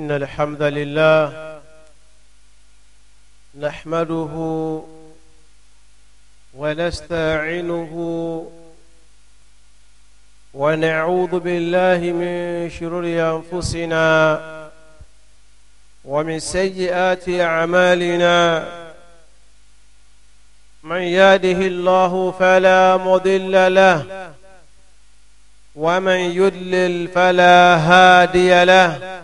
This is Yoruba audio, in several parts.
إن الحمد لله نحمده ونستعينه ونعوذ بالله من شرور أنفسنا ومن سيئات أعمالنا من يهده الله فلا مضل له ومن يدلل فلا هادي له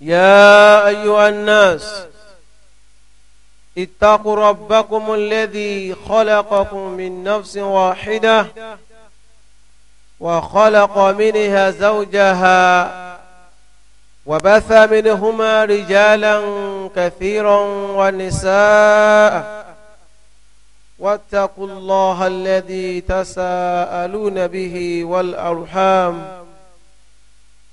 يا أيها الناس اتقوا ربكم الذي خلقكم من نفس واحدة وخلق منها زوجها وبث منهما رجالا كثيرا ونساء واتقوا الله الذي تساءلون به والأرحام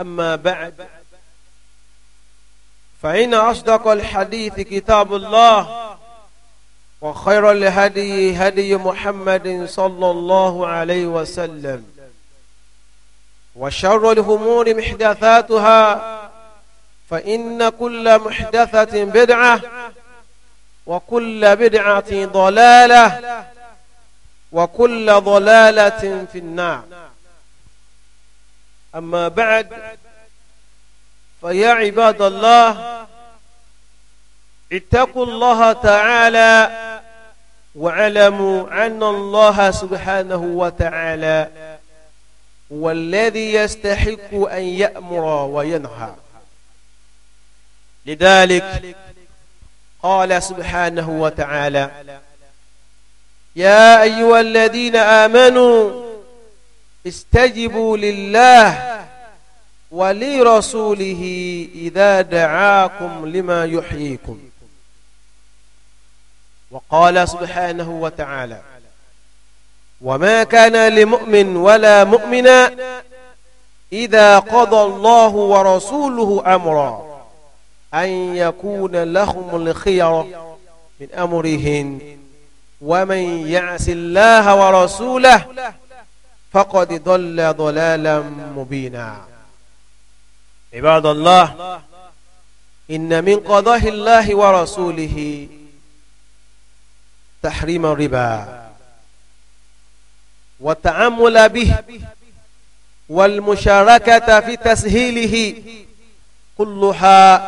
أما بعد فإن أصدق الحديث كتاب الله وخير الهدي هدي محمد صلى الله عليه وسلم وشر الهمور محدثاتها فإن كل محدثة بدعة وكل بدعة ضلالة وكل ضلالة في النار أما بعد فيا عباد الله اتقوا الله تعالى واعلموا أن الله سبحانه وتعالى هو الذي يستحق أن يأمر وينهى لذلك قال سبحانه وتعالى يا أيها الذين آمنوا استجبوا لله ولرسوله إذا دعاكم لما يحييكم وقال سبحانه وتعالى وما كان لمؤمن ولا مؤمنا إذا قضى الله ورسوله أمرا أن يكون لهم الخير من أمرهن ومن يعس الله ورسوله فقد ضل ضلالا مبينا عباد الله إن من قضاء الله ورسوله تحريم الربا والتعامل به والمشاركة في تسهيله كلها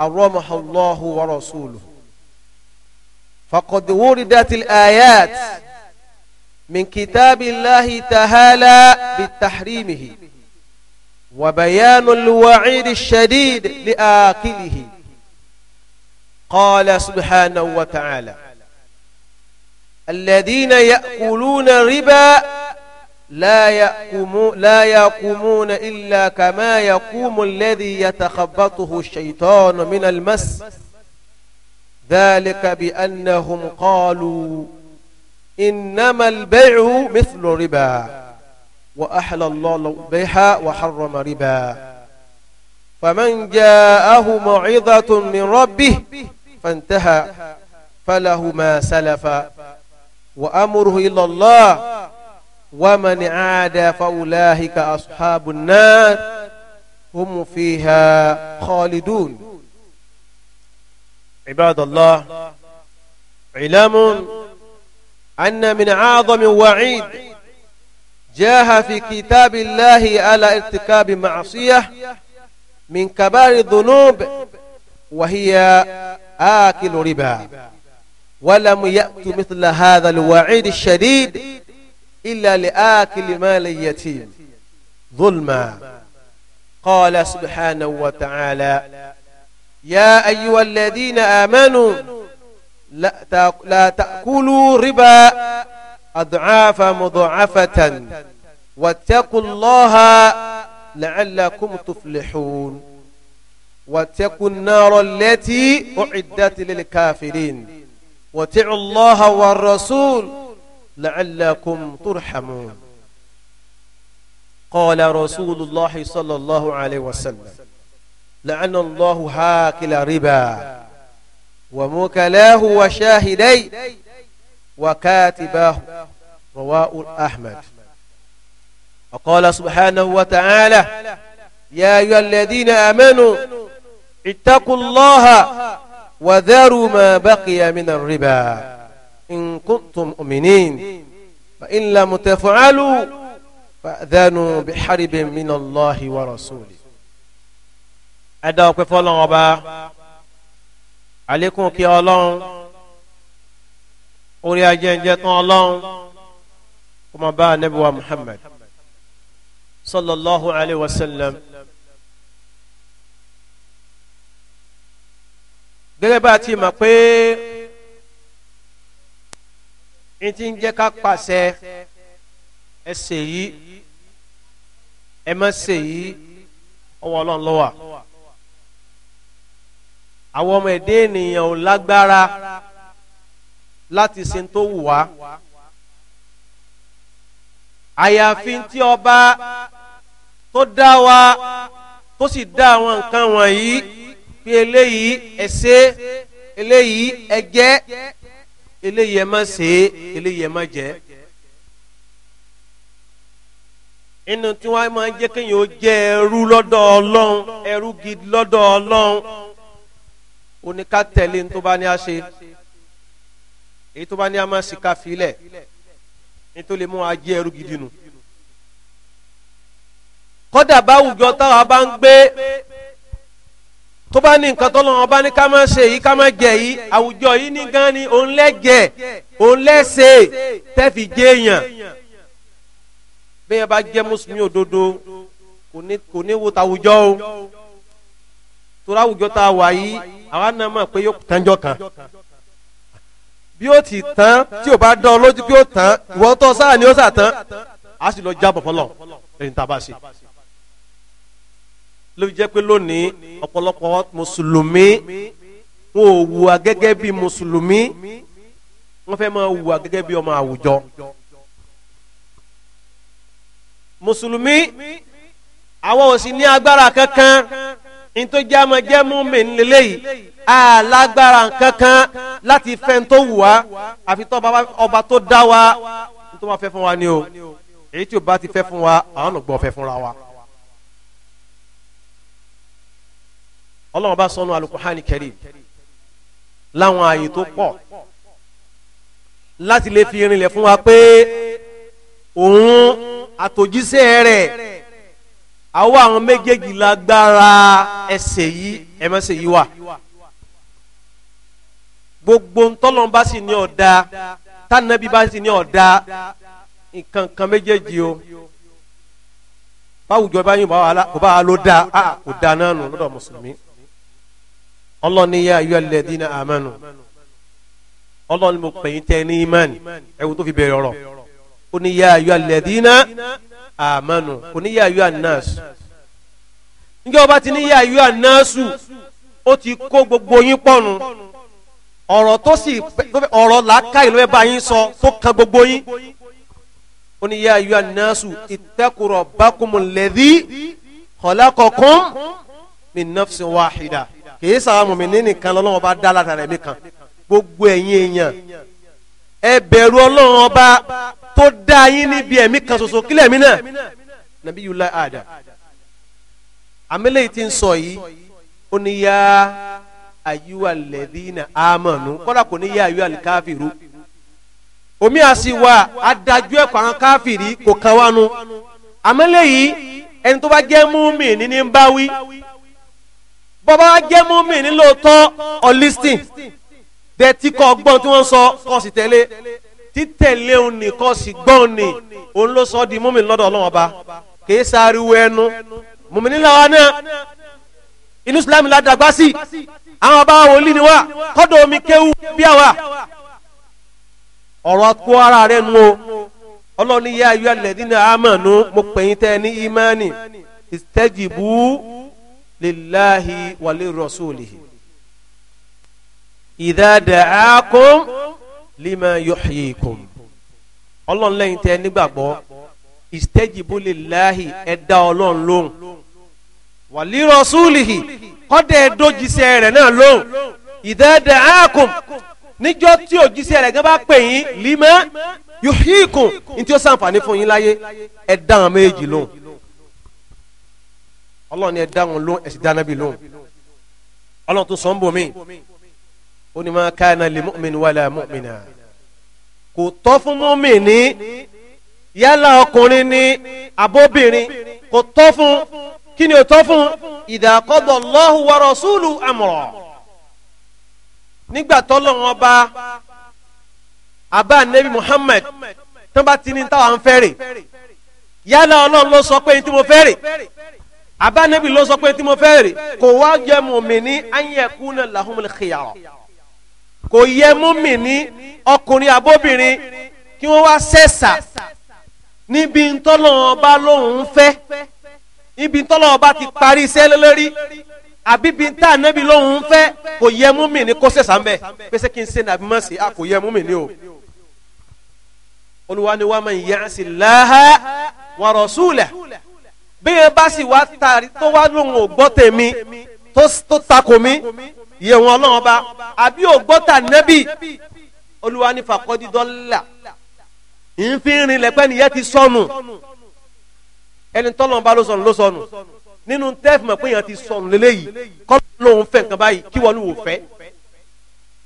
أرمح الله ورسوله فقد وردت الآيات من كتاب الله تعالى بتحريمه وبيان الوعيد الشديد لآكله قال سبحانه وتعالى الذين يأكلون الربا لا يقومون لا يقومون إلا كما يقوم الذي يتخبطه الشيطان من المس ذلك بأنهم قالوا إنما البيع مثل ربا وأحل الله البيع وحرم ربا فمن جاءه موعظة من ربه فانتهى فله ما سلف وأمره إلى الله ومن عاد فأولئك أصحاب النار هم فيها خالدون عباد الله علام أن من أعظم وعيد جاه في كتاب الله على ارتكاب معصية من كبار الذنوب وهي آكل ربا ولم يأت مثل هذا الوعيد الشديد إلا لآكل مال يتيم ظلما قال سبحانه وتعالى يا أيها الذين آمنوا لا لا تأكلوا ربا أضعافا مضاعفة واتقوا الله لعلكم تفلحون واتقوا النار التي أعدت للكافرين واتعوا الله والرسول لعلكم ترحمون قال رسول الله صلى الله عليه وسلم لعن الله هاكل ربا وموكلاه وشاهدي وكاتباه رواء أحمد وقال سبحانه وتعالى يا أيها الذين آمنوا اتقوا الله وذروا ما بقي من الربا إن كنتم مؤمنين فإن لم تفعلوا فأذنوا بحرب من الله ورسوله أدعوك فالله àlékún kí ọlọ́run orí ajẹ́njẹ́ tán ọlọ́run kó máa bá anabiwa muhammad sallallahu alayhi wa sallam. gẹ́gẹ́ bá a ti mọ̀ pé n ti ń jẹ́ ká pàṣẹ ẹ ṣèyí ẹ má ṣèyí ọwọ́ ọlọ́run ló wà àwọn ọmọ ẹdẹ ènìyàn ò lágbára láti sin tó wù wá àyàfi tí ọba tó dá wa tó sì dá àwọn nǹkan wọ̀nyí pé eléyìí ẹ ṣe eléyìí ẹ jẹ eléyìí ẹ má ṣe eléyìí ẹ má jẹ inú tí wọn máa ń jẹ kéèyàn ó jẹ ẹrú lọ́dọ̀ Ọlọ́run ẹrú gidi lọ́dọ̀ Ọlọ́run ó ní ká tẹ̀lé tó bá ní a ṣe èyí tó bá ní a máa sì ká filẹ̀ ní tó lè mú a jẹ́ ẹrú gidi nu. kódà báwùjọ táwa bá ń gbé tó bá ní nǹkan tó lọ́wọ́ bá ní ká máa ṣe yìí ká máa jẹ yìí àwùjọ yìí ní gan ni òun lẹ́jẹ̀ òun lẹ́sẹ̀ tẹ́fì jéèyàn bẹ́ẹ̀ bá jẹ́ mùsùlùmí òdodo kò ní wo tàwùjọ o tó láwùjọ tá yìí àwa náà mọ̀ pé yóò tánjọ́ kan bí ó ti tán tí ò bá dán lójú bí ó tán ìwọ tó sáà ni ó sà tán a sì lọ jábọ̀ fọlọ́ lẹ́yìn tá a bá ṣe. ló jẹ́ pé lónìí ọ̀pọ̀lọpọ̀ mùsùlùmí wọn ò wùwà gẹ́gẹ́ bí mùsùlùmí wọ́n fẹ́ máa wùwà gẹ́gẹ́ bí ọmọ àwùjọ. mùsùlùmí àwọn ò sì ní agbára kankan nítorí àmọ́ jẹ́ mú mi lélẹ́yìí alágbára kankan láti fẹ́ tó wù wá àfi tó ọba tó dá wa tó máa fẹ́ fún wa ni o èyí tí o bá ti fẹ́ fún wa àwọn ò gbọ́ fẹ́ fúnra wa. ọlọ́run bá sọnù alukuhani kẹrì láwọn ààyè tó pọ̀ láti lè fi irinlẹ̀ fún wa pé òun àtòjíṣẹ́ rẹ̀ àwọn àwọn méjèèjì lágbára ẹsẹ̀ yìí ẹ má ṣe yìí wà gbogbo ntọ́lọ́n bá sì ní ọ̀dà tánàbí bá sì ní ọ̀dà nǹkan kan méjèèjì o báwùjọ bá yín kò bá wa ló da kò da náà nù lọ́dọ̀ mùsùlùmí ọlọ́ni yá ayọ́ alladhina amanu ọlọ́ni mo pè yín tẹ́ ní imáni ẹ̀wù tó fi bẹ̀rẹ̀ ọ̀rọ̀ ó ní yá ayọ́ alladhina. amanu oni yɛ ayua nurse njɛ ɔba ti ni yɛ nurse o ti ko gbogbo yin pɔnu ɔrɔ to si ɔrɔ laka yi lɛ ba yin sɔ to ka gbogbo yin oni yɛ ayua nurse itɛkurɔ bakumu lɛbi kɔlɛ kɔkun mi nɔfisi wahida kìí sara mɔmi ní nìkan lọ́wọ́ ọba dá la tara mi kan gbogbo ɛyin yẹn ɛbɛrù ɔlọ́wọ́ ɔba. tó dá yín níbi ẹ̀mí kan ṣoṣo kílẹ̀ mí náà nàbí yìí láì àdá àmẹ́lẹ́ yìí ti ń sọ yìí ó ní yá ayúwa lẹ́dínà àmọ̀nù kọ́lá kò ní yá ayúwa káfíìrú omi àṣìwà adájú ẹ̀kọ́ àwọn káfíìrí kò kan wá nu àmẹ́lẹ́ yìí ẹni tó bá jẹ́ múmi ní ń bá wí bọ́bá jẹ́ múmi ní lóòótọ́ ọ̀lísìn dẹ́tí kọ́ ọgbọ́n tí wọ́n sọ kọ́ sì tẹ́lẹ̀ títẹ̀lé òun nìkan sì gbọ́n ni òun ló sọ di múmi lọ́dọ̀ ọlọ́run ọba kìí sáriwo ẹnu mùmíní làwa náà inú islam la dàgbà sí àwọn bàbá wòlíì ni wá kọ́dọ̀ omi kéwú bí àwa ọ̀rọ̀ kó ara rẹ̀ nu o ọlọ́run yá ayé alẹ́dínà amanu mo pè yín ní imani istajibu lillahi wa lirrasulihi idha da'akum lima yuhyikum ọlọ́run lẹ́yìn tẹ́ nígbàgbọ́ istajibu lillahi ẹ̀dá ọlọ́run lóhùn wàlí rọ́súlìhì kọ́dẹ̀ ẹ̀dójísẹ́ rẹ̀ náà lóhùn ìdẹ́ẹ̀dẹ̀ áàkùn níjọ́ tí òjísẹ́ rẹ̀ gẹ́gẹ́ bá pè yín lima yuhyikum ní tí ó sàǹfààní fún yín láyé ẹ̀dá àwọn méjì lóhùn ọlọ́run ẹ̀dá wọn lóhùn ẹ̀sìn dánábì lóhùn ọlọ́run tó sọ ń bò míì ó ní ma kana li mu'min wala mu'mina kò tọ́ fún mu'mini yálà ọkùnrin ni abóbìnrin kò tọ́ fún kí ni ó tọ́ fún idha qada Allahu wa rasuluhu amra nígbà tọ́lọ́wọ́n bá abá nabi Muhammad tó bá ti ní táwọn fẹ́ rè yálà ọlọ́run ló sọ pé tí mo fẹ́ rè abá nabi ló sọ pé tí mo fẹ́ rè kò wá jẹ́ mu'mini an yakuna lahumul khiyara kò yẹ múmi ní ọkùnrin abóbìnrin kí wọ́n wá sẹ́sà níbi ntọ́lọ́wọ́n bá lóun fẹ́ níbi ntọ́lọ́wọ́n bá ti parí iṣẹ́ lórí àbí bí tá ànábì lóun fẹ́ kò yẹ múmi ní kó sẹ́sà ń bẹ̀ pèsè kí n ṣe nàbí mọ̀ a kò yẹ múmi ní o. olùwà ni wàá máa yẹ wa rasula bí yẹn bá sì wá tó wá lóun ò gbọ́ tèmi tó takò mí yẹ wọn ọlọ́run ọba àbí ògbọ́ta nẹ́bì olúwa ní fàkọ́dídọ́là ìfínrin lẹ́pẹ́ nìyẹn ti sọnù ẹni tọ́lọ́run bá ló sọnù ló sọnù nínú tẹ́ẹ̀fù mọ̀ pé yẹn ti sọnù lélẹ́yìí kọ́ lóun fẹ́ nǹkan báyìí kí wọ́n lò fẹ́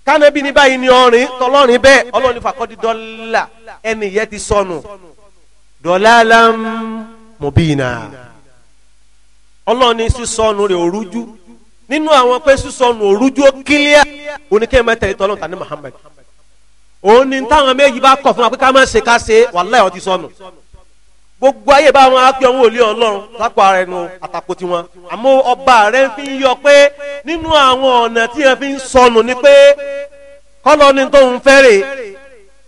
kánẹ́bí ní báyìí ni ọ̀rìn tọ́lọ́rìn bẹ́ẹ̀ ọlọ́run ní fàkọ́dídọ́là ẹni yẹn ti sọnù dọ̀làlám ọlọ́run ní sísọnù rẹ̀ òrújú nínú àwọn pé sísọnù òrújú ó kílíà oníkẹ́ mẹ́tẹ̀lẹ́ tọ́lọ́ tani Muhammad òun ni táwọn méjì bá kọ̀ fún wa pé ká má ṣe ká ṣe wàláyé ọtí sọnù gbogbo ayé báwọn akẹ́ òun ò lé ọlọ́run lápò ara ẹnu àtàkó tiwọn àmọ́ ọba rẹ̀ fi ń yọ pé nínú àwọn ọ̀nà tí wọ́n fi ń sọnù ni pé kọ́lọ́ ni tóun fẹ́rẹ̀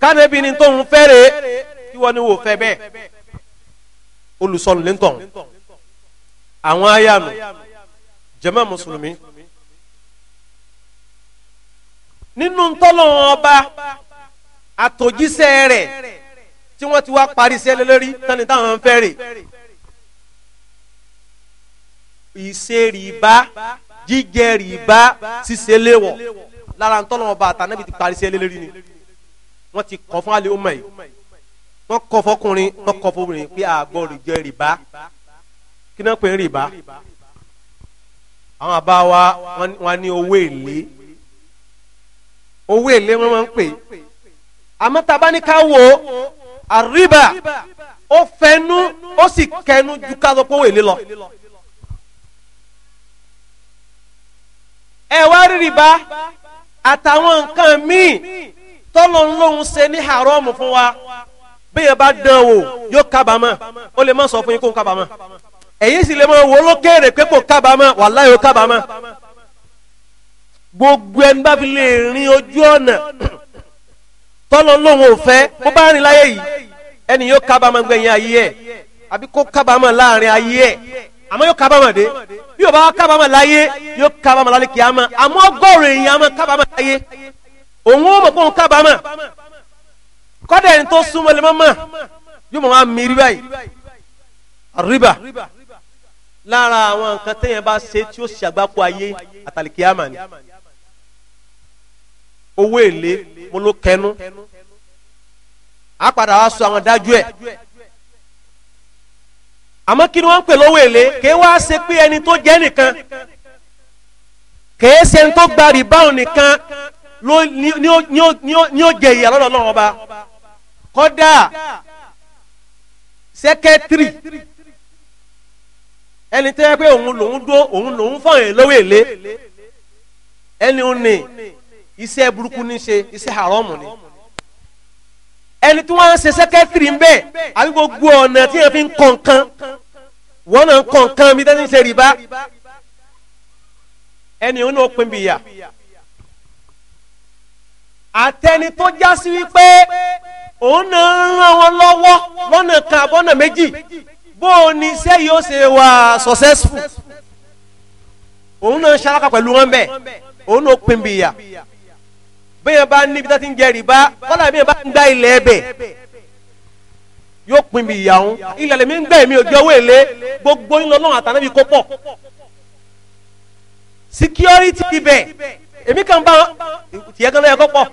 kánẹ́bí ni tóun fẹ́rẹ̀ kí wọ́n ní wò fẹ́ bẹ́ẹ̀ olùsọnù lẹ́ńtọ̀n àwọn ayánu jàmá mùsùlùmí nínú ntọ́lọ́wọ́n ọba àtòjíṣẹ́ rẹ̀ tí wọ́n ti wá parí sí ẹlẹ́lẹ́rí tani táwọn ń fẹ́ rè ìṣerìbá jíjẹrìbá ṣíṣe léwọ̀ lára ntọ́lọ́wọ́n ọba àtànábì ti parí sí ẹlẹ́lẹ́rí ni wọ́n ti kọ́ fún alẹ́ ọmọ yìí wọ́n kọ́ fọkùnrin wọ́n kọ́ fọkùnrin pé àgbọ̀ rìjẹ́ rìbá kí náà pè é rìbá àwọn àbá wa wọ́n ní owó èlé owó èlé wọ́n máa ń pè àmọ́ tá a bá ní ká wo àríbà ó fẹnu ó sì kẹnu ju ká lọ pé owó èlé lọ. ẹ wá rí rìbá àtàwọn nǹkan míì tọ́lọ̀ ń lóun ṣe ní haramu fún wa bí yẹn bá dán o yóò kábàámọ̀ ó lè má sọ fún yín kó ń kábàámọ̀. ẹ̀yin sì lè mọ wo lókèrè pé kò kábàámọ̀ wàláhì ó gbogbo ẹni bá fi lè rin ojú ọ̀nà tọ́lọ́ lòun ò fẹ́ bó bá rìn láyé yìí ẹni yóò kábàámọ̀ gbẹ̀yìn ayé ẹ̀ àbí kó láàrin ayé ẹ̀ àmọ́ yóò dé bí bá láyé yóò lálẹ́ àmọ́ ọgọ́rùn èèyàn àmọ́ láyé òun ó mọ̀ ẹni tó súnmọ́ lè mọ́ mọ́ yóò mọ̀ mi riba. lára àwọn nǹkan téèyàn bá ṣe tí ó ṣàgbápò ayé àtàlìkíyàmà ni owó èlé mo ló kẹnu a padà wá sọ àwọn dájú ẹ àmọ́ kí ni wọ́n ń pè lówó èlé kí wá ṣe pé ẹni tó jẹ́ nìkan kì í ṣe ẹni tó gba rìbáùn nìkan ni ó jẹ ìyà lọ́dọ̀ ọba kọ́dà sẹ́kẹ́tìrì ẹni tẹ́ ẹ pé òun lòun dó òun lòun fọ̀n ẹ̀ lọ́wọ́ èlé ẹni òun ni iṣẹ́ burúkú ní ṣe iṣẹ́ haramu ni ẹni tí wọ́n ń ṣe sẹ́kẹ́tìrì ń bẹ̀ àbí gbogbo ọ̀nà tí yẹn fi ń kọ̀ọ̀kan wọ́n náà ń kọ̀ọ̀kan bí tẹ́sí ń ṣe rìbá ẹni òun náà pín bìyà àtẹni tó já sí wípé òun náà ń ràn wọn lọ́wọ́ lọ́nà kan àbọ̀nà méjì bó o ní iṣẹ́ yóò ṣe wà successful òun náà ṣaraka pẹ̀lú wọn bẹ́ẹ̀ òun náà pin bìyà bẹ́ẹ̀ bá níbi tó ti ń jẹ rìbá kọ́lá bẹ́ẹ̀ bá ń gbá ilẹ̀ ẹbẹ̀ yóò pin bìyà òun ilẹ̀ lèmi ń gbẹ̀ mí òjò owó èlé gbogbo yín lọ́nà àtàlẹ́bí kó pọ̀ security ibẹ̀ èmi kàn bá tiẹ̀ gan lọ́yẹ̀ kó pọ̀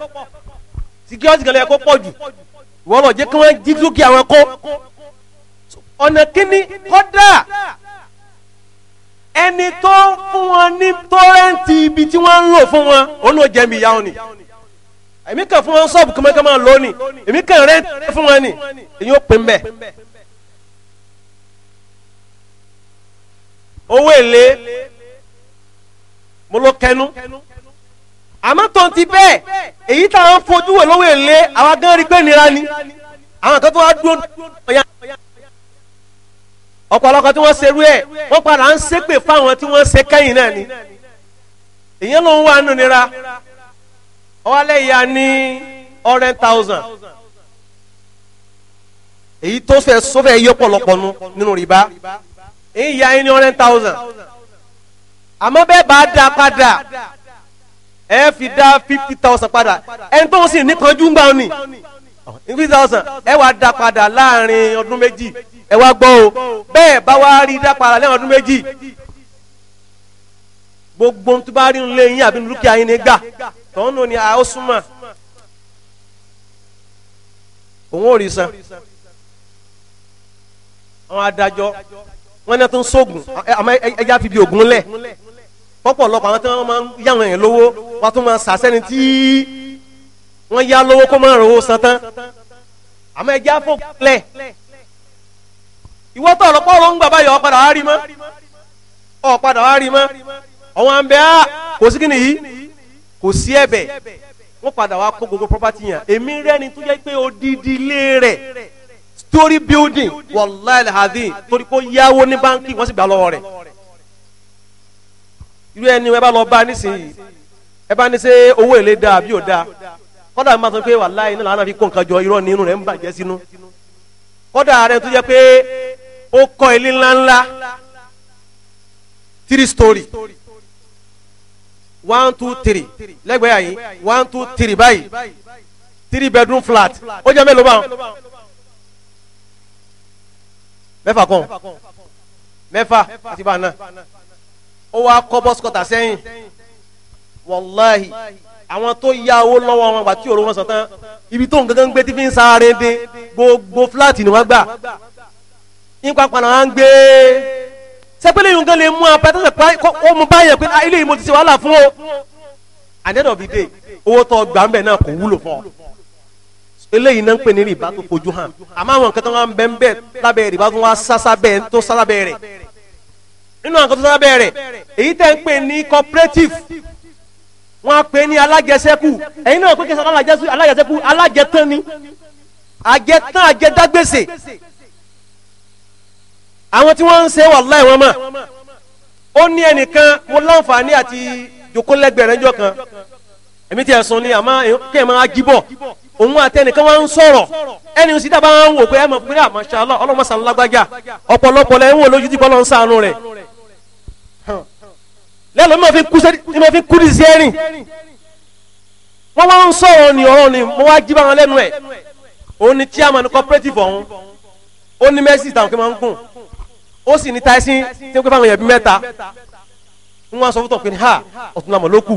security gan lọ́yẹ̀ kó pọ̀ jù wọ́n lọ jẹ́ kí wọ́n jí dúkìá wọn kó ọ̀nà kíní kọ́dà ẹni tó ń fún wọn ní tọ́rẹ́ǹtì ibi tí wọ́n ń lò fún wọn òun ló jẹ̀mí ìyá wọn ni èmi kàn fún wọn sọ́ọ̀bù kọ́mọ́kọ́mọ́ lónìí èmi kàn rẹ́ǹtì fún wọn ni èyí ó pè mbẹ́. owó èlé mo ló kẹnu àmọ́ tó ń ti bẹ́ẹ̀ èyí táwọn fojú wò lówó èlé àwọn gan rí pé nira ni àwọn kan tó wá dúró ọ̀yà ọ̀pọ̀lọpọ̀ tí wọ́n ṣerú ẹ̀ wọ́n padà ń ṣépè fáwọn tí wọ́n ṣe kẹ́yìn náà ni èyàn ló ń wá nù nira ọwọ́lẹ̀ ìyá ní ọ̀rẹ́ thousand èyí tó fẹ́ sọ́fẹ́ yọ pọ̀lọpọ̀ nu nínú rìbá èyí ìyá ní ọ̀rẹ́ thousand àmọ́ bẹ́ẹ̀ bá dá padà ẹ fi dá fifty thousand padà ẹni tó ń sìn ní kanjú ń gbà ó ní fifty thousand ẹ wàá dá padà láàrin ọdún méjì ẹ wá gbọ́ o bẹ́ẹ̀ bá wá rí dápara lẹ́wọ̀n ọdún méjì gbogbo tó bá rí ń lé yín àbí dúkìá yín ní gbà tọ́hún nù ni a ó súnmọ́ òun ò rí san àwọn adájọ́ wọn náà tó ń sóògùn àmọ́ ẹja fi bi ògùn lẹ̀ pọ́pọ̀lọpọ̀ àwọn tí wọ́n máa ń yàwọn èèyàn lówó wọ́n tún máa ń sàṣẹ́ni tí wọ́n yá lówó kó máa rówó san tán àmọ́ ẹja fò lẹ̀ ìwọ tó ọlọpọ ọ̀rọ̀ ń gbà báyọ ọpadà wá rí mọ ọpadà wá rí mọ àwọn àmbẹ á ah, kò sí kíni yìí kò sí ẹ̀bẹ̀ wọn padà wá kó gbogbo property yẹn èmi rẹni tó jẹ pé odidi ilé rẹ̀ story building wàláhì hadin torí kó yáwó ní báńkì wọn sì gbà lọ́wọ́ rẹ̀ irú ẹni ẹ bá lọ bá nísìnyí ẹ bá ní ṣe owó èlé dáa bí ò dáa kọ́dà máa sọ pé wàláhì náà làwọn fi kó nǹkan jọ irọ́ nínú rẹ̀ ń bàjẹ́ sínú kọ́dà rẹ̀ tó jẹ́ pé ó kọ́ ilé ńláńlá three story one two three lẹ́gbẹ̀ẹ́ yà yín one two three báyìí three bedroom flat ó jẹ́ mélòó báwọn mẹ́fà kan mẹ́fà àti bá náà ó wá kọ́ bọ́sikọ́tà sẹ́yìn wàláhì àwọn tó ya owó lọ́wọ́ wọn wà tí òru wọn sàn tán ibi tó ń gangan gbé tí fi ń sáré dé gbogbo fúláàtì ni wọ́n gbà nípa pàrọ̀ à ń gbé sẹ́pẹ́lẹ́ yìí nǹkan lè mú apá tó sẹ́pẹ́ ó mú báyẹn pé ah, ilé yìí mo ti ṣe wàhálà fún o at the end of the day owó tó gbà ń bẹ̀ náà kò wúlò fún ọ eléyìí náà ń pè ní rìbá tó fojú hàn àmọ́ àwọn nǹkan tó wà ń bẹ́ ń bẹ́ lábẹ́ rìbá tó wà sásá bẹ́ẹ̀ tó sásá bẹ́ẹ̀ rẹ̀ nínú àwọn nǹkan tó sásá bẹ́ẹ̀ rẹ̀ èyí tẹ́ ń pè ní cooperative wọ́n á pè ní alájẹsẹ́kù ẹ̀yin náà pé kí alájẹsẹ́kù alájẹtán ni àjẹtán àjẹdágbèsè àwọn tí wọ́n ń ṣe wàláì wọn mọ̀ ó ní ẹnìkan mo láǹfààní àti jòkólẹ́gbẹ̀rẹ́ jọ kan èmi tiẹ̀ sùn ni àmọ́ kí ẹ̀ máa jíbọ̀ òun àti ẹnìkan wá ń sọ̀rọ̀ ẹni sì dábàá wọn wò pé ẹ mọ̀ pé ah, masha Allah ọlọ́mọ sàn lágbájá ọ̀pọ̀lọpọ̀ lẹ́yìn wò lójú tí bọ́lá ń sànù rẹ̀ lẹ́nu mi ò fi kú ní sẹ́rìn wọ́n wá ń sọ̀rọ̀ ní ọ̀rọ̀ ni mo wá jí báwọn lẹ́nu ẹ̀ òun ni chairman cooperative ọ̀hún ó ní mẹ́sì tàwọn kí wọ́n ń gùn ó sì ní isi tí wọ́n pẹ́ fáwọn èèyàn bíi mẹ́ta ha ọ̀tún àmọ̀ ló kù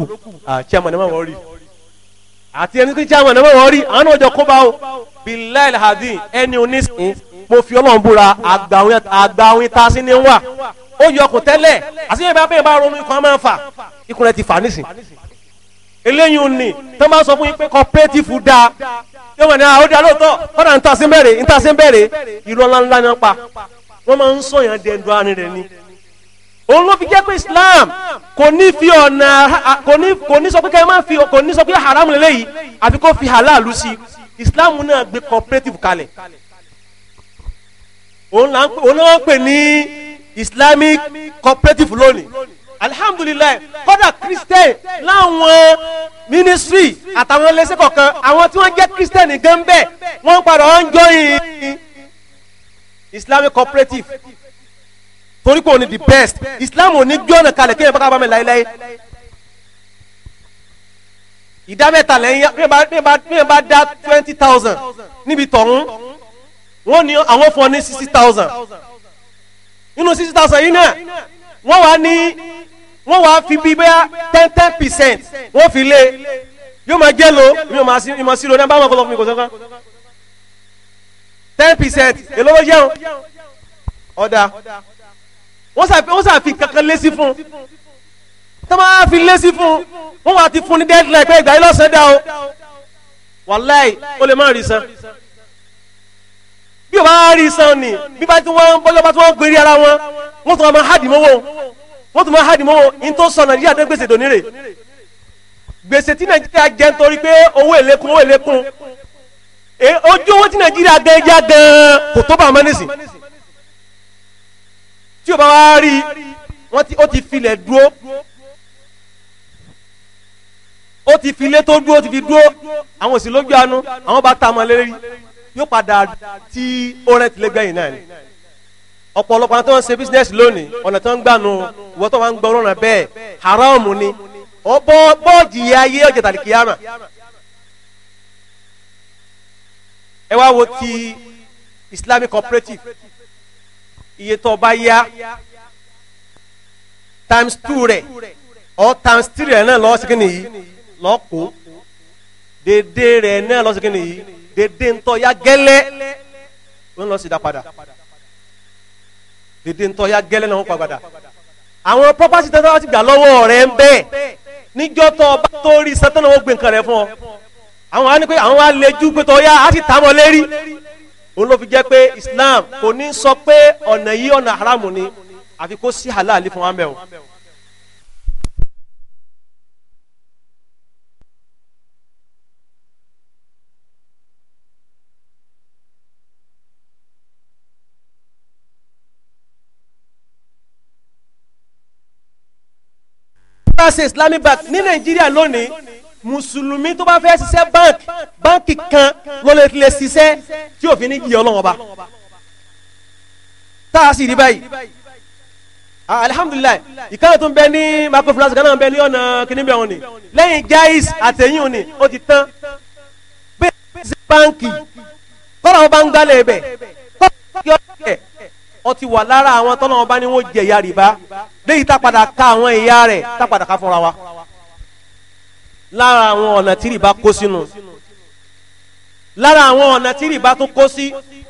chairman ẹ̀ máa wọ́n rí àti ẹni chairman ẹ̀ rí o bilal hadi ẹni onísìn mo fi ọlọ́run búra àgbàwìn ni wà ó yọ ọkùn tẹ́lẹ̀ àti yẹn bá bẹ́ẹ̀ bá ronú ikùn máa fà ikùn rẹ̀ ti fà nísìn eléyìí ò ní tó máa sọ fún yín pé cooperative yóò ní àwọn lóòótọ́ ń wọ́n máa ń sọ̀yàn dẹ̀ndọ́ arin rẹ̀ ni òun ló fi jẹ́ pé islam kò ní fi ọ̀nà kò ní sọ pé kẹ́hìn máa fi kò ní sọ pé haram lélẹ́yìí àfi kó fi halal sí islam náà gbé cooperative kalẹ̀ òun là ń pè ní islamic cooperative lónìí alihamudulilayi kódà christian láwọn ministry àtàwọn iléeṣẹ́ kọ̀ọ̀kan àwọn tí wọ́n jẹ́ christian gan bẹ́ẹ̀ wọ́n padà ń jọyìn islamic cooperative torí pé òun ni the best islam ò ní gbé ọ̀nà kalẹ̀ kéèyàn bá ká bá mi láéláé ìdá mẹ́ta lẹ́yìn bíyẹn bá dá twenty thousand níbi tọ̀hún wọ́n ní àwọn fún ọ ní sixty thousand nínú sixty thousand yìí náà wọ́n wá ní wọ́n wá fi bí bẹ́ẹ̀ ten ten percent wọ́n fi lé yóò máa jẹ́ lo yóò máa sí lo ní abáwọn ọkọ̀ lọ́kùnrin kò sọ́kàn ten percent èló ló jẹun ọ̀dà wọ́n ṣàfi kankan lé sí fún un tó máa fi lé sí fún un wọ́n wá ti fún ní deadline pé ìgbà yìí lọ́sẹ̀ dá o wàláì ó lè má rí san bí o bá rí san ni bí bá tí wọ́n bọ́lá bá tí wọ́n gbèrè ara wọn wọ́n tún máa hádìí mọ́wọ́ wọ́n tún máa hádìí mọ́wọ́ ní tó sọ nàìjíríà dé gbèsè dòní rè gbèsè tí nàìjíríà jẹ́ nítorí pé owó èlékún owó èlékún Eh, ojú owó tí nàìjíríà gan já gan kò tó bá a nísìn tí o bá wá rí i ó ti filẹ̀ dúró ó ti filé tó dúró ti fi dúró àwọn òsì lójú àánú àwọn bá ta ọmọ lérí yóò padà tí ó rẹ tilẹ̀ gbẹ̀yìn náà ni ọ̀pọ̀lọpọ̀ àwọn tó ń ṣe bísíǹnẹ́sì lónìí ọ̀nà tó ń gbà nù wọ́n tó wá ń gbọ́ ọ̀rọ̀ bẹ́ẹ̀ haramu ni ọ bọ́ọ̀dì ayé ọ̀jẹ̀ tàlíkìyàmà ẹ wá wo ti islamic cooperative iye tó bá yá times two rẹ̀ or times three rẹ̀ náà lọ́ọ́ sìkìnì yìí lọ́ọ́ kó dédé rẹ̀ náà lọ́ọ́ sìkìnì yìí dédé ńtọ́ ya gẹ́lẹ́ ó ń lọ sí dá padà dédé ńtọ́ ya gẹ́lẹ́ náà ń pa padà àwọn property tẹ́tẹ́ wá ti gbà lọ́wọ́ rẹ̀ ń bẹ́ẹ̀ níjọ́ tó bá tó rí sátánà ó gbé nǹkan rẹ̀ fún ọ àwọn wa ni pé àwọn wa lejú pé tọ́yà á sì tàmọ́ lérí òun ló fi jẹ́ pé Islam kò ní sọ pé ọ̀nà yìí ọ̀nà haramu ni àfi kó sí halali fún wa mẹ́ o. ṣe Islamic ní Nàìjíríà lónìí mùsùlùmí tó bá fẹ́ ṣiṣẹ́ báńkì báńkì kan ló lè tilẹ̀ ṣiṣẹ́ tí òfin ní jìyà ọlọ́wọ́n ba tá a sì rí báyìí alihamudulilayi ìkànnì tó ń bẹ ní microfinance ghana ń bẹ ní ọ̀nà kìnìún bẹ́ẹ̀ òní lẹ́yìn jais àtẹ̀yìn òní ó ti tán bẹ́ẹ̀ ṣe báńkì tọ́lá wọn bá ń gbálẹ̀ ẹ̀bẹ̀ tọ́lá wọn ti wà lára àwọn tọ́lá wọn bá ní wọ́n jẹ̀yà rìbá léyìí tá padà ká àwọn ìyá rẹ̀ tá padà ká fúnra wa lára àwọn ọ̀nà tí rìbá kó sínú lára àwọn ọ̀nà tí rìbá tún kó sí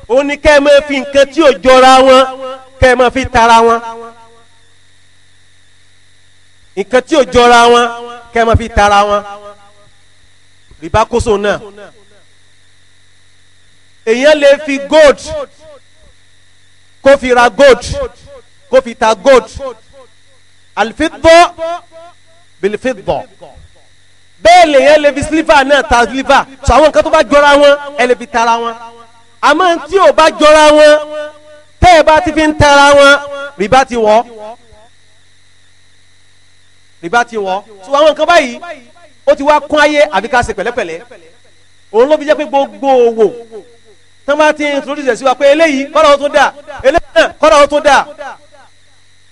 òun ni kẹ́ ẹ máa fi nǹkan tí ò jọra wọn kẹ́ ẹ máa fi tara wọn nǹkan tí ò jọra wọn kẹ́ ẹ máa fi tara wọn rìbá kó sóun náà èèyàn lè fi gold kó fi ra gold kó fi ta gold alfidda bilfidda bẹ́ẹ̀ lèyàn lè fi sílífà náà ta sílífà sọ àwọn nǹkan tó bá jọra wọn ẹ lè fi tara wọn àmọ́ tí ò bá jọra wọn tẹ́ ẹ bá ti fi ń tara wọn rìbá ti wọ̀ rìbá ti wọ̀ sọ àwọn nǹkan báyìí ó ti wá kún ayé àbí ká ṣe pẹ̀lẹ́pẹ̀lẹ́ òun ló fi jẹ́ pé gbogbo òwò tí wọ́n bá ti introduce sí wa pé eléyìí kọ́ra ó tún dà eléyìí náà kọ́ra ó tún dà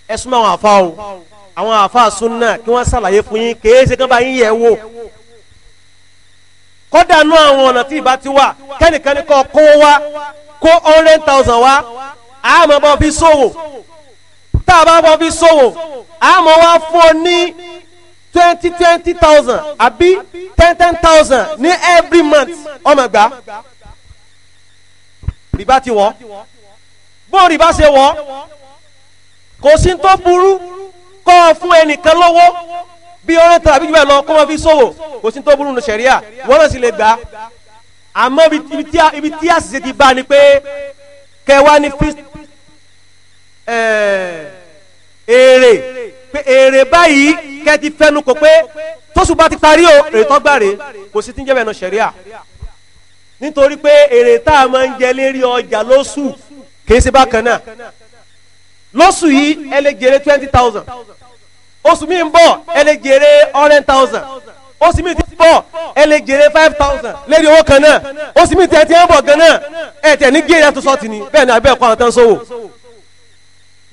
ẹ súnmọ́ àwọn àfa o àwọn àfa sunna kí wọ́n ṣàlàyé fún yín kèé ṣe kán bá yín yẹ̀ wò kódà nú àwọn ọ̀nà tí ìbá ti wà kẹ́nìkan ní kọ́ kó wá kó hundred thousand wá àmọ́ bọ́ fi ṣòwò tá a bá bọ́ fi ṣòwò àmọ́ wá fún ọ ní twenty twenty thousand àbí ten ten thousand ní every month ọmọ gbà rìbá ti wọ̀ bó rìbá ṣe wọ̀ kò sí tó burú kọ́ ọ fún ẹnìkan lọ́wọ́ bí ọ̀rẹ́ tán àbí jù bẹ́ẹ̀ lọ kó máa fi ṣòwò kò sí tó burú nù sẹ̀ríà wọ́n náà sì lè gbà á àmọ́ ibi tí àṣìṣe ti bá ni pé kẹwa ni èrè pé èrè báyìí kẹ́ ti fẹnu kò pé tóṣù bá ti parí o èrè tó gbà rè kò sí tí ń jẹ́ bẹ́ẹ̀ nù sẹ̀ríà nítorí pé èrè tá a máa ń jẹ lérí ọjà lóṣù kì í ṣe bákan náà lóṣù yìí ẹ lè jèrè twenty thousand oṣù mi ń bọ̀ ẹ lè jèrè hundred thousand oṣù mi ti bọ̀ ẹ lè jèrè five thousand lérí owó kan náà oṣù mi tẹ̀ ti ń bọ̀ gan náà ẹ tẹ̀ ní géèrè tó sọ́ọ̀tì ni bẹ́ẹ̀ ni àbẹ́ ẹ̀kọ́ àwọn tán sówò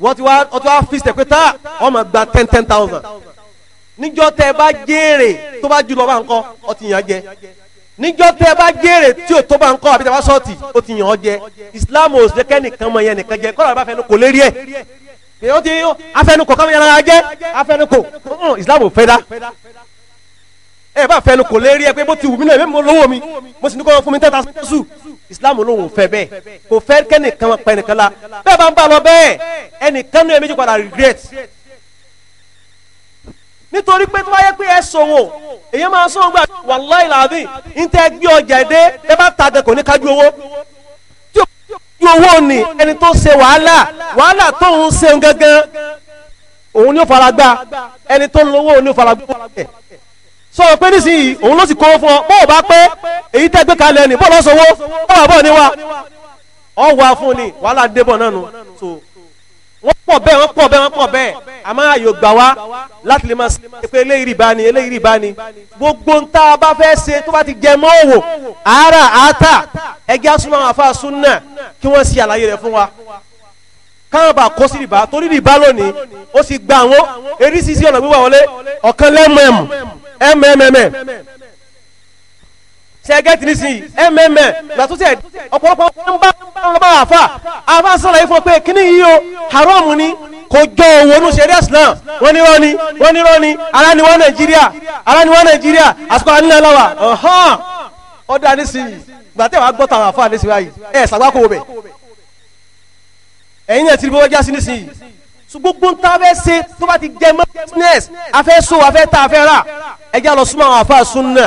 wọ́n ti wá ọtí wá fi ṣẹ̀pẹ́ tá wọ́n máa gba ten ten thousand níjọ́ tẹ́ bá jèrè tó bá jù lọ bá ń kọ́ ọtí yàn jẹ níjọ́ tẹ́ bá jèrè tí o tó bá ń kọ́ àbí tẹ́ bá sọ́ọ̀tì ó ti yàn ọ́ jẹ Islam ò jẹ́ kẹ́nìkan mọ̀ yẹn nìkan jẹ kọ́ra èyí ó ti afẹnukọ káwọn yàrá jẹ afẹnukọ Islam ò fẹ́ dá ẹ bá fẹnukọ lérí ẹ pé bó ti wù mí náà mo lówó mi mo sì ní kọ́ fún mi tẹ́ta sùn Islam olóhùn fẹ́ bẹ́ẹ̀ kò fẹ́ kẹ́nìkan pa ẹnìkan la bẹ́ẹ̀ bá ń bá lọ bẹ́ẹ̀ ẹnìkan náà méjì padà regret nítorí pé tó bá yẹ pé ẹ sòwò èyí máa sòwò gbà wàláì làbí ní tẹ́ gbé ọjà dé ẹ bá ta gẹ̀ ní kájú owó ojú owó ni ẹni tó ṣe wàhálà wàhálà tó ń ṣeun gangan òun ni ó fara gbá ẹni tó ń lówó ni ó fara gbá sọ̀rọ̀ pé nísìnyí òun ló sì kó fún ọ bó o bá pé èyí tẹ́ gbé kalẹ̀ ni bọ́ọ̀lù ọ̀sọ̀wọ́ bọ́ọ̀lù àbọ̀ ni wa ọ̀ wá fún ni wàhálà débọ̀ náà nù so wọ́n pọ̀ bẹ́ẹ̀ wọ́n pọ̀ bẹ́ẹ̀ wọ́n pọ̀ bẹ́ẹ̀ àmọ́ ayò gbà wá láti lè máa ṣe pé eléyìí rìbá ni eléyìí rìbá ni gbogbo ń tá a bá fẹ́ ṣe tó bá ti jẹ mọ́ òwò àárà àátà ẹgbẹ́ asúnmọ́ àfa súnà kí wọ́n ṣe àlàyé rẹ̀ fún wa káwọn bá kó sí rìbá torí rìbá lónìí ó sì gba àwọn eríṣiríṣi ọ̀nà gbígbà wọlé ọ̀kan lẹ́mọ̀ẹ́mù ẹ̀mẹ̀ẹ̀mẹ̀ sẹ́gẹ́tì nísìnyí ẹ̀mẹ̀ẹ̀mẹ̀ gbàtúnṣe ọ̀pọ̀lọpọ̀ ń bá wọn bá àfà àfà sọ̀rọ̀ yìí fún ọ pé kíní yìí o haram ni kò jọ òwò ní ṣẹ̀ríà Islam wọ́n ní rọ́ni wọ́n ní rọ́ni ara ni wọ́n Nàìjíríà ara ni wọ́n Nàìjíríà àsìkò àníláwà ọ̀hán ọ̀dà nísìnyí gbàtẹ́ wàá gbọ́ tàwọn àfáà lẹ́sìn báyìí ẹ̀ sàgbákò bẹ̀ ẹ̀yin náà ti rí bọ́wọ́ jásí nísìnyí gbogbo ń ta fẹ́ ṣe tó bá ti jẹ mọ́ business afẹ́ so afẹ́ ta afẹ́ rà ẹjẹ́ lọ súnmọ́ àwọn àfáà súnà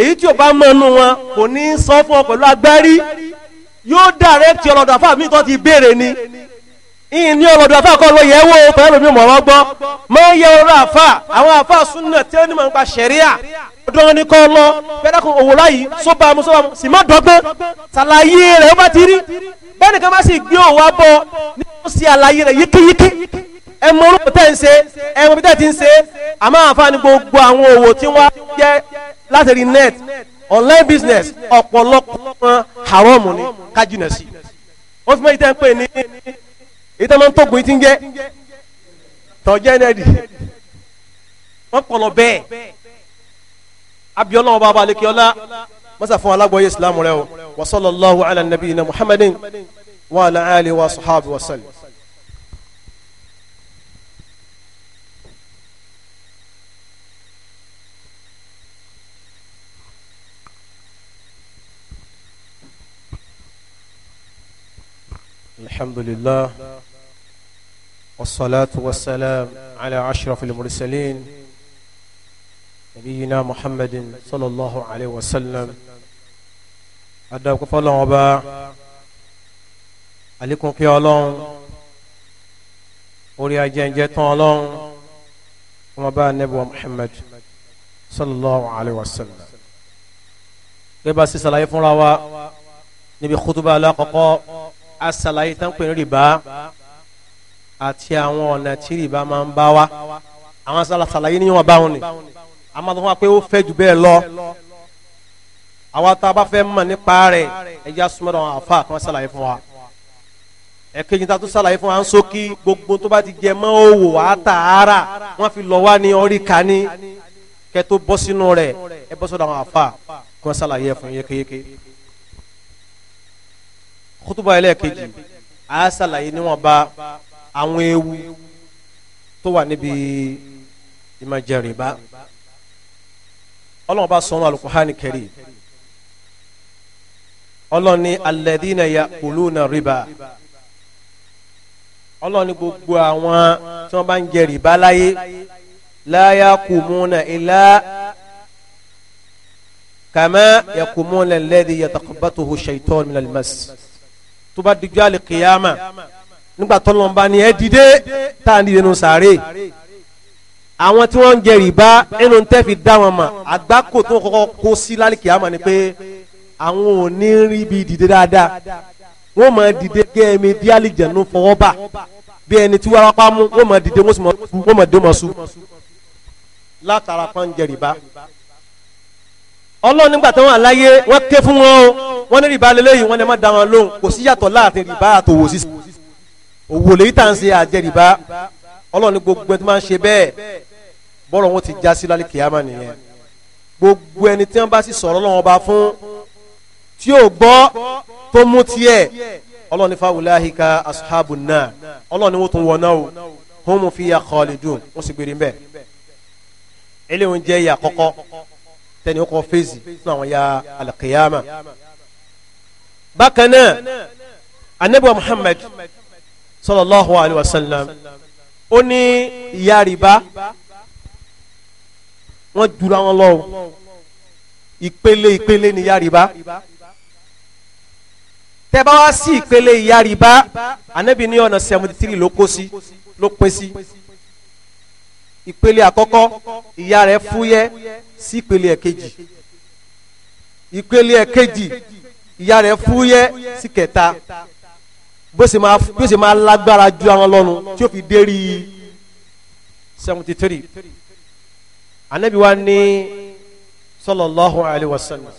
èyí tí o bá mọ̀ nù wọn kò ní sọ fún ọ pẹ̀lú agbárí yóò direct ọlọ́dọ̀ àfáà mi tó ti béèrè ni ìní ọlọ́dún àfà kọ́ lọ yẹ̀wò pẹ̀lú mi mọ̀ wọ́n gbọ́ mọ iye ọ̀rọ̀ àfà àwọn àfà súnà tí ó ní mọ̀ nípa ṣẹ̀ríà ọdún wọn ni kọ́ lọ pẹ̀lẹ́kùn òwò láyìí sóbàmù sóbàmù sì má dọ́gbọ́n ṣàlàyé rẹ̀ ó bá ti rí bẹ́ẹ̀ nìkan bá sì gbé òwò abọ́ ní kó sí àlàyé rẹ̀ yíkéyíké ẹ mọ orúkọ tẹ́ ń ṣe ẹ mọ bí tẹ́ ti ń ṣe àmọ́ àǹfààní gbogbo àwọn òwò tí wọ́n jẹ́ láti rí net online business ọ̀pọ̀lọpọ̀ haram ni kájínà sí wọ́n fi mọ́ ìtẹ́ ń pè ní èyí tó máa ń tógun ti ń jẹ́ tọ́jẹ́ nẹ́ẹ̀dì wọ́n pọ̀ lọ bẹ́ẹ̀ abiyọ́lá ọba ọba alekiyọ́lá mọ́sá fún alágbọ̀ọ́yé islam rẹ o wa sallallahu ala nabiyina muhammadin wa ala ali wa sahabi wa sallam. الحمد لله والصلاة والسلام على أشرف المرسلين نبينا محمد صلى الله عليه وسلم أدعوك فالله وبا عليكم قيا الله أولي أجنجة الله وما نبوة محمد صلى الله عليه وسلم gẹ́gẹ́ sí sàlàyé نبي wa níbi kútúbà alákọ̀ọ́kọ́ asàlàyé tán àti àwọn ọ̀nà tí rìbá máa ń bá wa àwọn sàlàyé ni wọn bá wọn ni a máa sọ fún wa pé ó fẹ́ jù bẹ́ẹ̀ lọ àwa tá a bá fẹ́ mọ̀ nípa rẹ̀ ẹja súnmọ́ àfa kan sàlàyé fún wa ẹ̀kejì tá a tún sàlàyé fún wa ń sókí gbogbo tó bá ti jẹ mọ́ òwò àtàárà wọ́n fi lọ wá ní orí kan ní kẹ́ bọ́ sínú rẹ̀ ẹ bọ́ sọ́dọ̀ àwọn àfa kan sàlàyé fún yékéyéké kútùbà ẹlẹ́ẹ̀kejì àá sàlàyé níwọ̀nba àwọn ewu tó wà níbi ìmọ̀jẹ̀rìbá ọlọ́run bá sọnù alukuhani kẹrì ọlọ́run ní alẹ́dínà ya kùlù na rìbá ọlọ́run ní gbogbo àwọn tí wọ́n bá ń jẹ rìbá láyé láyà kùmùnà ilá kàmá ya kùmùnà lẹ́dí ya takọ̀bátò hù ṣèitọ́ minal mas tó bá dijú àlè kìyàmà nígbà tọ́lọ́mba ni ẹ dìde tá à ń dìde nù sàárè àwọn tí wọ́n ń jẹ rìbá ẹnu tẹ́ fi dá wọn mà àgbákò tó kọ́kọ́ kó sí lálẹ́ kìámà ni pé àwọn ò ní rí bi dìde dáadáa wọ́n máa dìde gẹ́ ẹ̀mí díálì jẹ̀nu fọwọ́ bà bí ẹni tí wọ́n apá mú wọ́n máa dìde wọ́n máa dé wọn sùn látara kan jẹ rìbá ọlọ́run nígbà tí wọ́n àláyé wọ́n ké fún wọn o wọ́n ní rìbá lélẹ́yìn wọ́n ní ẹ òwò lèyí tá à ń ṣe àjẹrìbá ọlọ́run ní gbogbo ẹni tó máa ń ṣe bẹ́ẹ̀ bọ́ọ̀lù wọn ti já sí lálẹ́ kìámà nìyẹn gbogbo ẹni tí wọ́n bá sì sọ̀rọ̀ lọ́wọ́ bá fún tí yóò gbọ́ tó mú tiẹ̀ ọlọ́run fáwọlẹ́ àhíká asuhabu náà ọlọ́run ní tún wọná o hóun fi ya khalidun wọ́n sì gbèrè mbẹ́ eléyìí jẹ́ ìyà kọ́kọ́ tẹ̀lé ó fèsì fún àwọn ya alẹ́ kìámà bákan náà anabi wa Muhammad sallallahu alayhi wa sallam ó ní ìyá rìbá wọ́n jura wọn lọ ìpele ìpele ni ìyá rìbá tẹ́ bá wá sí ìpele ìyá rìbá anabi ní ọ̀nà seventy three ló kó sí ló pín sí ìpele àkọ́kọ́ ìyá rẹ̀ fúyẹ́ sí ìpele ẹ̀kejì ìpele ẹ̀kejì ìyá rẹ̀ fúyẹ́ sí kẹta bó ma, máa ma ṣe máa lágbára ju àwọn lọ́nu tí ó fi dérí seventy three anabi wa ní sallallahu alayhi wa sallam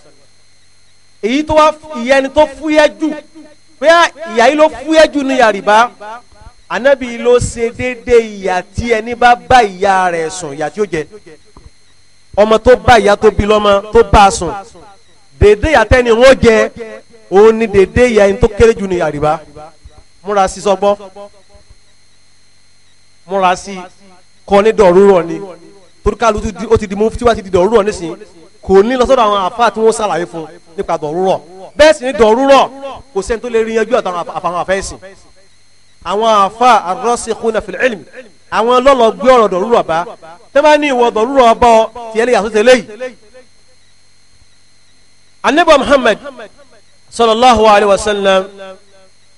èyí tó wá ìyẹn ni tó fúyẹ́ jù bóyá ìyá yìí ló fúyẹ́ jù ní yàrìbá anabi ló ṣe déédé ìyá tí ẹni bá bá ìyá rẹ̀ sùn ìyá tí ó jẹ ọmọ tó bá ìyá tó bí lọ́mọ tó bá a sùn déédé ìyá tẹ́ni wọ́n jẹ òun ni déédé ìyá yìí tó kéré jù ní yàrìbá múra sí sọgbọ́n múra sí kọ́ ní dọ̀rúrọ̀ ni toríkàlù ó ti di mú tí wàá ti di dọ̀rúrọ̀ nísìnyí kò ní lọ sọ́dọ̀ àwọn àfa tí wọ́n ṣàlàyé fún nípa dọ̀rúrọ̀ bẹ́ẹ̀ sì ni dọ̀rúrọ̀ kò sẹ́ni tó lè rí yanjú àtàwọn àfẹ́sìn àwọn àfa ar-rasikhuna fil ilm àwọn lọ́lọ́ gbé ọ̀rọ̀ dọ̀rúrọ̀ bá tẹ́ bá ní ìwọ dọ̀rúrọ̀ bọ́ tiẹ̀ lè yàtọ̀ tẹ́lẹ̀ yìí anabi muhammad sallallahu alayhi wa sallam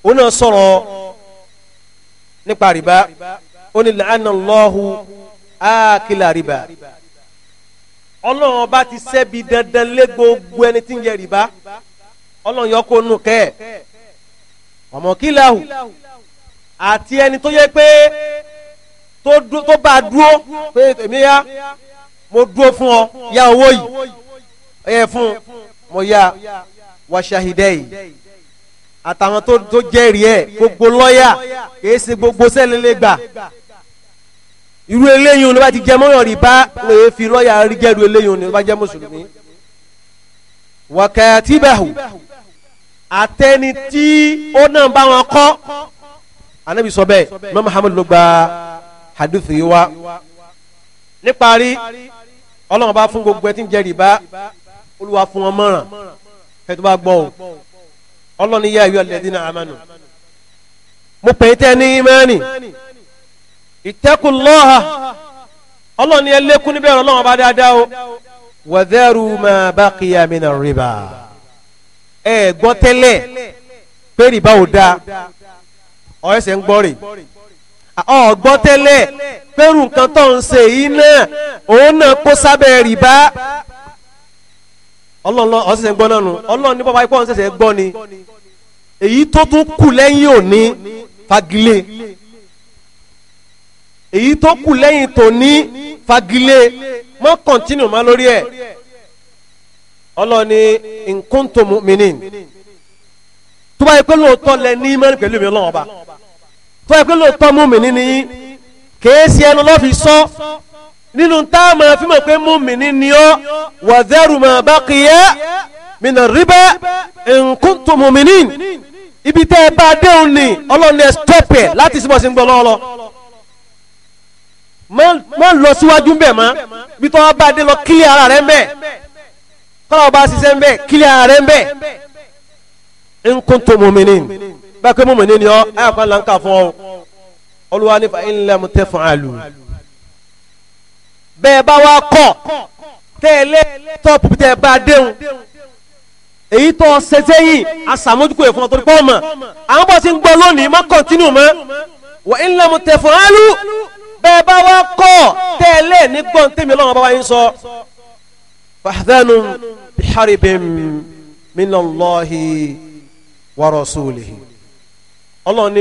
ó náà sọ̀rọ̀ nípa rìbá ó ní làánà lọ́hùn ákìlà rìbá ọlọ́run ọba ti sẹ́bi dandan lé gbogbo ẹni tí ń jẹ rìbá ọlọ́run yọ kó nù kẹ́ ẹ̀ ọmọ kíláhù tó yẹ pé tó bá dúró pé èmi yá mo dúró fún ọ yá owó yìí ẹ fún mo yá wàṣàhídẹ́ yìí àtàwọn tó tó jẹ́rìí ẹ̀ gbogbo lọ́ọ̀yà kìí ṣe gbogbo sẹ́ni lè gbà irú eléyìí ló bá ti jẹ́ mọ́yàn rí bá lè fi lọ́ọ̀yà rí gẹ́rù eléyìí ló bá jẹ́ mùsùlùmí. wàkàtìbàhù àtẹni tí ó náà bá wọn kọ́ anabi sọ bẹ́ẹ̀ mọ́ muhammadu ló gba hadith yìí wá níparí ọlọ́run bá fún gbogbo ẹ tí ń jẹ́ rí bá olúwa fún wọn mọ̀ràn ẹ bá gbọ́ o ọlọ́ni yá ayọ́ alladhina amanu mo pè é tẹ́ ní ìmánì ittaqullaha ọlọ́ni ẹ lékún níbẹ̀ ọlọ́run ọba dáadáa o wa dharu ma baqiya mina riba ẹ gbọ́ tẹ́lẹ̀ pé rìbá ò dáa ọ̀rẹ́ sẹ́ ń gbọ́ rè ọ̀ gbọ́ tẹ́lẹ̀ pé rù nǹkan tó ń ṣe yìí náà òun náà kó sábẹ́ rìbá ọlọ́ọ̀lọ́ ọ̀sẹ̀sẹ̀ gbọ́ náà nù ọlọ́ọ̀ ní bọ́ba ikú ọ̀sẹ̀sẹ̀ gbọ́ ni èyí tó tún kù lẹ́yìn òní fagilé èyí tó kù lẹ́yìn tòní fagilé mọ́ kọ́ntínú má lórí ẹ̀ ọlọ́ọ̀ni in kuntum mu'minin tó bá yẹ pé lóòótọ́ lẹ ní mẹ́rin pẹ̀lú mi ọlọ́wọ́ba tó bá yẹ pé lóòótọ́ mú mi nínú yín kèé sí ẹnu lọ́ọ́ fi sọ. So, nínú tá a máa fi mọ̀ pé mùmínì ni ọ́ wàzẹ́rù máa bá kìíyẹ mina riba nkuntu mùmínì ibi tẹ́ ẹ bá a déhùn ni ọlọ́run ẹ stọ́pù ẹ̀ láti síbọ̀ sí ń gbọ́ lọ́wọ́ lọ. má lọ síwájú ń bẹ̀ mọ́ ibi tọ́ ọ bá a dé lọ kílí ara rẹ̀ ń kọ́lá ọba ṣiṣẹ́ ń bẹ̀ kílí ara rẹ̀ ń bẹ̀ nkuntu mùmínì báyìí pé mùmínì ni ọ́ ẹ̀ kọ́ là ń fún ọ olùwà nípa ilẹ̀ mu tẹ́ fún àlù bẹ́ẹ̀ bá wá kọ̀ tẹ́lẹ̀ tọ́pù tẹ́ bá déhùn èyí tó ṣẹṣẹ́yìn aṣàmójúkò ìfọ̀n tó pọ̀ mọ̀ àwọn bọ́ sí ń gbọ́ lónìí má kọ̀tínú mọ́ wọ́n ń lọ́mú tẹ̀fọ́n álú bẹ́ẹ̀ bá wá kọ̀ tẹ́lẹ̀ ní gbọ́n tẹ́mi lọ́wọ́ bá wá yín sọ. fahdhanu biharibim minallahi wa rasulihi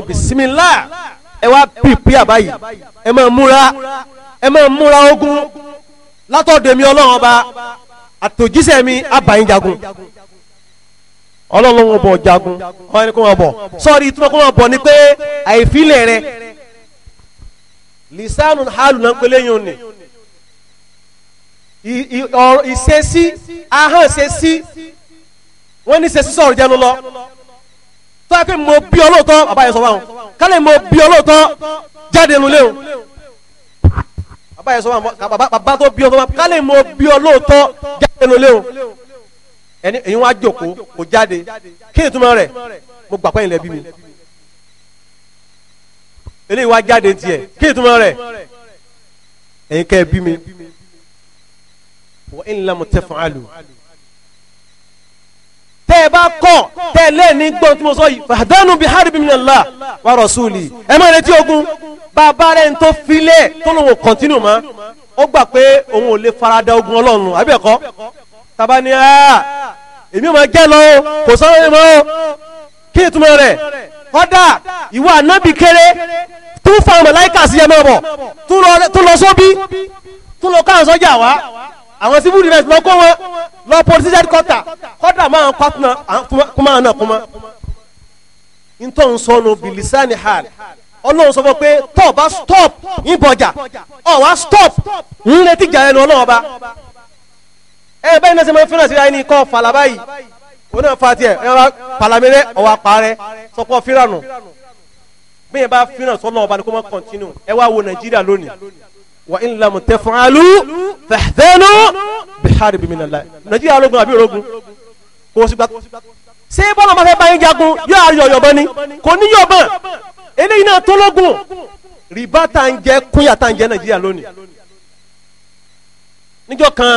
bisimilá ẹ wá pìpì àbáyé ẹ máa múra ẹ máa múra ogun látọ̀dọ̀ èmi ọlọ́run ọba àtòjíṣẹ́ mi àbáyín jagun ọlọ́run ọbọ̀ jagun ọ̀hún ẹni kó wọn bọ̀ sọ́ọ́rí ìtumọ̀ kó wọn bọ̀ ni pé àìfilẹ̀ rẹ lisanu halu náà pélé yóò ní ìṣesí ahọ́n ìṣesí wọ́n ní ìṣesí sọ̀rọ̀ jẹnu lọ tó yẹ kí mo bí ọlọ́tọ́ bàbá yẹn sọ fáwọn kálẹ̀ mo bí ọlọ́tọ́ jáde nulẹ̀ o bàbá yẹn sọ wọn bàbá tó bí ọ tó wọn kálí mo bí ọ lóòótọ́ jáde ló o ẹni èyí wọn á jòkó kò jáde kí ni túmọ̀ rẹ̀ mo gbà pẹ́yìn lẹ́bí mi eléyìí wá jáde tiẹ̀ kí ni túmọ̀ rẹ̀ kẹ́ ẹ bí mi wọ́n ń lamọ̀ tẹ́ fún alu tẹ́ ẹ bá kọ̀ tẹ́ ẹ lé ní gbọ́n tí mo sọ yìí fàdánù bíi haribi minallah wa rasuli ẹ má retí ogun bàbá rẹ̀ ń tó filẹ̀ tó lòun ò kọ́ntínú mọ́ ó gbà pé òun ò lè farada ogun ọlọ́run àbẹ̀kọ́ taba ni aa èmi ma jẹ́ lọ o kò sọ́wọ́ mi o kí ìtumọ̀ rẹ̀ kọ́dà ìwọ ànábì kéré tún fa màláíkà sí ẹ mọ́ bọ̀ tún lọ sóbi tún lọ káàsọ́jà wá àwọn civil defence lọ kó wọn lọ police headquarter kọ́dà máa ń pàtó kó máa nà kó mọ́ ntọ́ nsọ́nù bilisani hal ọlọ́run sọ fún pé tọ́ bá stop ìbọ̀jà ọ̀ wá stop ńlẹ́tì jà ẹnu ọlọ́run ọba ẹ bẹ́ẹ̀ náà ṣe máa ń fẹ́ràn sí ra ẹni kọ́ falaba yìí oní ọ̀fà tiẹ̀ ẹ wá palamẹ́rẹ́ ọ̀wà parẹ́ sọpọ̀ fírànù bẹ́ẹ̀ bá fíràn sọ́nà ọba ni kó máa kọ̀ntínú ẹ wá wo nàìjíríà lónìí wa in lam taf'alu fahdhanu biharbi minallahi nàìjíríà ológun àbí ológun kò sí gbà ṣé bọ́lá máa fẹ́ bá yín jagun yóò àrí ọ̀yọ̀bọ ni kò ní yọ̀bọ̀n eléyìí náà tó lógun rìbá tá ń jẹ kúnyà tá ń jẹ nàìjíríà lónìí níjọ́ kan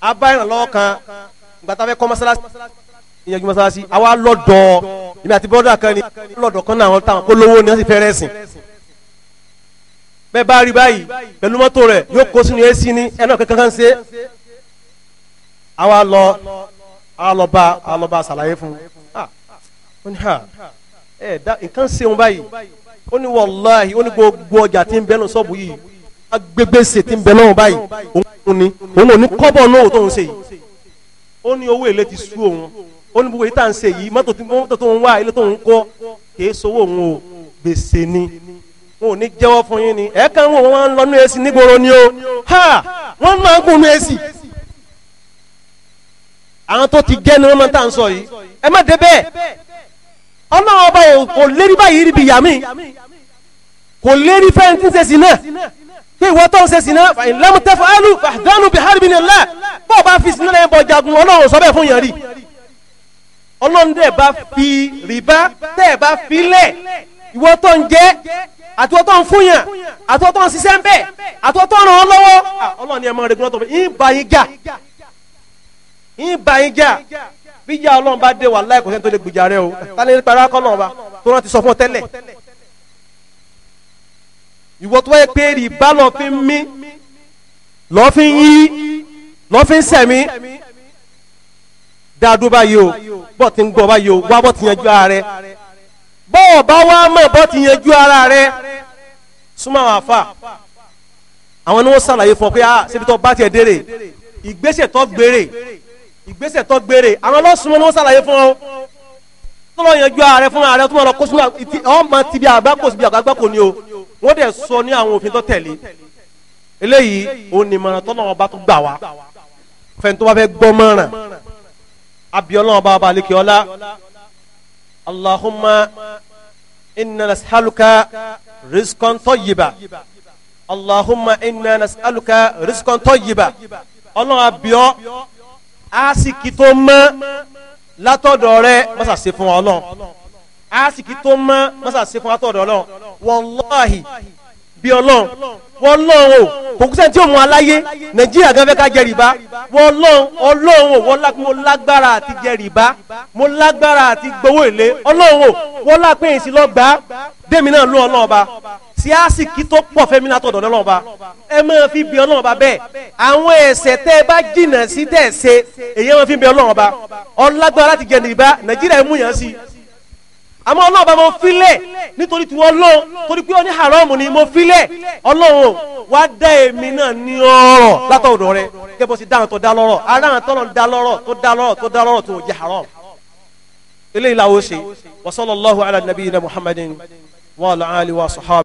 abáyìnlọ́wọ́ kan gbàtà fẹ́ kọ́ mọ́sálásí ìyẹnjú mọ́sálásí àwa lọ́dọ̀ ìmì àti bọ́dà kan ni lọ́dọ̀ kan náà táwọn kó lówó ni wọ́n sì fẹ́ rẹ́sìn bẹ́ẹ̀ bá rí báyìí pẹ̀lú mọ́tò rẹ̀ yóò kó sínú èsì ní ẹnà kankan kan ṣe àwa lọ alọba alọba ṣàlàyé fún un ah, ẹ da nǹkan ṣe wọn báyìí ó ní wàláhì ó ní gbogbo ọjà tí ń bẹ lọ sọ́ọ̀bù yìí agbègbè ṣe tí ń bẹ lọ́wọ́ báyìí òun ni òun ò ní kọ́bọ̀ náà tó ń ṣe yìí ó ní owó èlé ti sú òun ó ní gbogbo èyí tá à ń ṣe yìí mọ́tò tó ń wá ilé tó ń kọ́ kì í wọn ò ní jẹ́wọ́ fún yín ni ẹ̀ẹ́kan wọn wọn ń lọ nú nígboro ni o ha wọn máa ń gùn nú èsì àwọn tó ti jẹ́ ni wọ́n máa ń tà ń sọ yìí ẹ má dé bẹ́ẹ̀ ọlọ́run ọba kò lérí báyìí rí bi yàmi kò lérí fẹ́ẹ́ tí ń ṣe sí náà pé ìwọ tó ń ṣe sí náà ìlànà tẹ́fọ́ alu àdánù bí hàrìbí ni ńlá bó o bá fi sí náà ẹ̀ bọ̀ jagun ọlọ́run sọ bẹ́ẹ̀ fún yàn ọlọ́run dẹ̀ bá fi rìbá tẹ́ ẹ̀ bá fi lẹ̀ ìwọ tó ń jẹ́ àtúwọ́tọ́ ń fún yàn àtúwọ́tọ́ ń ṣiṣẹ́ ń bẹ̀ àtúwọ́tọ́ ràn án lọ́wọ́ ah, ọlọ́run ni ẹ máa regun lọ́tọ̀ fún yín bá yín jà yín bá yín jà bí ìjà ọlọ́run bá dé wà láì kò sẹ́ni tó lè gbèjà rẹ o tálẹ́ nípa ara kọ́nà ọba tó rántí sọ fún ọ tẹ́lẹ̀ ìwọ tó wáyé pé rìbá lọ fi mí lọ́ fi yí lọ́ fi sẹ̀mí dáadó báyìí o bọ́ ti ń gbọ́ báyìí o wá bọ́ ti yanjú ara rẹ bọ́ọ̀ bá wá mọ̀ bọ́ ti yanjú ara rẹ súnmọ́ àwọn àfa àwọn ni wọ́n ṣàlàyé fún ọ pé a ah, ṣebí tó bá tiẹ̀ dére ìgbésẹ̀ tó gbére ìgbésẹ̀ tó gbére àwọn lọ́sùnmọ́ ni wọ́n ṣàlàyé fún ọ tọ́lọ́ yanjú ààrẹ fún ààrẹ tó máa lọ kó sínú àwọn máa ti bí àgbákò sí bí àgbákò ni o wọ́n dẹ̀ sọ ní àwọn òfin tó tẹ̀lé eléyìí onímọ̀ràn tọ́lọ́ ọba tó gbà wá fẹ́ni tó bá fẹ́ gbọ́ mọ́ràn abiola ọba ọba aleke ọlá Allahumma inna nasaluka rizqan tayyiba allahumma inna nas'aluka rizqan tayyiba ọlọ́run abiọ́ aásìkì tó mọ́ látọ̀dọ̀ rẹ mọ́sà ṣe fún ọlọ́run aásìkì tó mọ́ mọ́sà ṣe fún wọ́n lọ́wọ́ kò kúsẹ́ tí ó mú aláyé nàìjíríà gan fẹ́ ká jẹ rìbá wọ́n lọ́wọ́ ọlọ́wọ́ mo lágbára àti jẹ rìbá mo lágbára àti gbowó èlé ọlọ́wọ́ wọ́n lápẹ́ èsì lọ gbà á dèmi náà lọ́ ọlọ́ọ̀ba síásì kí tó pọ̀ fẹ́mi náà tọ̀dọ̀ ọlọ́ọ̀ba ẹ máa fi bí ọlọ́ọ̀ba bẹ́ẹ̀ àwọn ẹ̀ṣẹ̀ tẹ́ ẹ bá jìnnà sí tẹ́ ẹ ṣe èyí máa fi bí ọlọ́ọ̀ba ọlágbára láti jẹ rìbá nàìjíríà àmọ́ ọlọ́run bá mo filẹ̀ nítorí tí wọ́n lọ torí pé ó ní haramu ni mo filẹ̀ ọlọ́run wá dá èmi náà ní ọ̀rọ̀ látọ̀dọ̀ rẹ kẹ́bọ̀ sí dáhùn tó dá lọ́rọ̀ aráhùn tọ́lọ̀ dá lọ́rọ̀ tó dá lọ́rọ̀ tó dá lọ́rọ̀ tó jẹ́ haram. eléyìí làwọn ṣe wa sallallahu wa ala